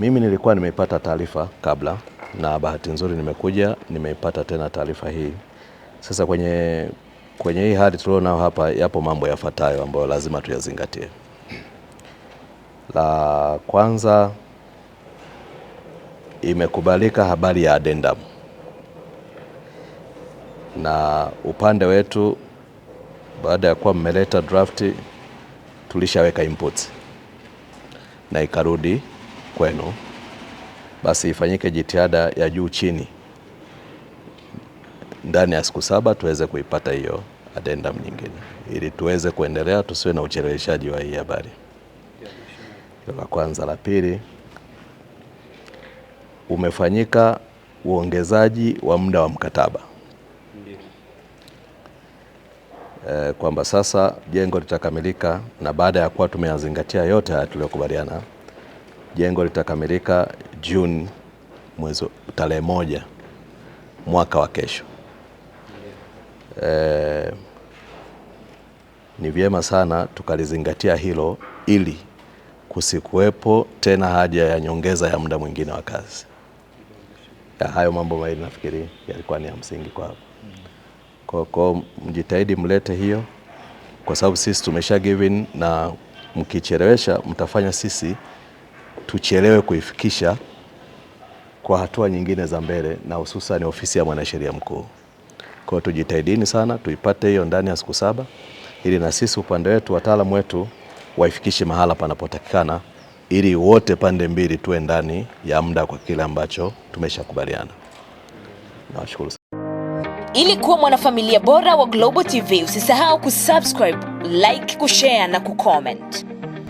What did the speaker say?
Mimi nilikuwa nimeipata taarifa kabla na bahati nzuri nimekuja nimeipata tena taarifa hii. Sasa kwenye, kwenye hii hali tulionao hapa, yapo mambo yafuatayo ambayo lazima tuyazingatie. La kwanza, imekubalika habari ya addendum na upande wetu, baada ya kuwa mmeleta draft, tulishaweka inputs na ikarudi kwenu, basi ifanyike jitihada ya juu chini ndani ya siku saba tuweze kuipata hiyo adendam nyingine, ili tuweze kuendelea, tusiwe na ucheleweshaji wa hii habari. la kwanza. La pili, umefanyika uongezaji wa muda wa mkataba e, kwamba sasa jengo litakamilika, na baada ya kuwa tumeyazingatia yote haya tuliyokubaliana Jengo litakamilika Juni mwezi tarehe moja mwaka wa kesho. E, ni vyema sana tukalizingatia hilo ili kusikuwepo tena haja ya nyongeza ya muda mwingine wa kazi. Ya, hayo mambo mawili nafikiri yalikuwa ni ya msingi kwa hapo. Kwa kwa mjitahidi mlete hiyo kwa sababu sisi tumesha given na mkichelewesha mtafanya sisi tuchelewe kuifikisha kwa hatua nyingine za mbele, na hususan ofisi ya mwanasheria mkuu. Kwa hiyo tujitahidini sana tuipate hiyo ndani ya siku saba, ili na sisi upande wetu wataalamu wetu waifikishe mahala panapotakikana, ili wote pande mbili tuwe ndani ya muda kwa kile ambacho tumeshakubaliana. Nawashukuru sana. Ili kuwa mwanafamilia bora wa Global TV, usisahau kusubscribe, like, kushare na kucomment.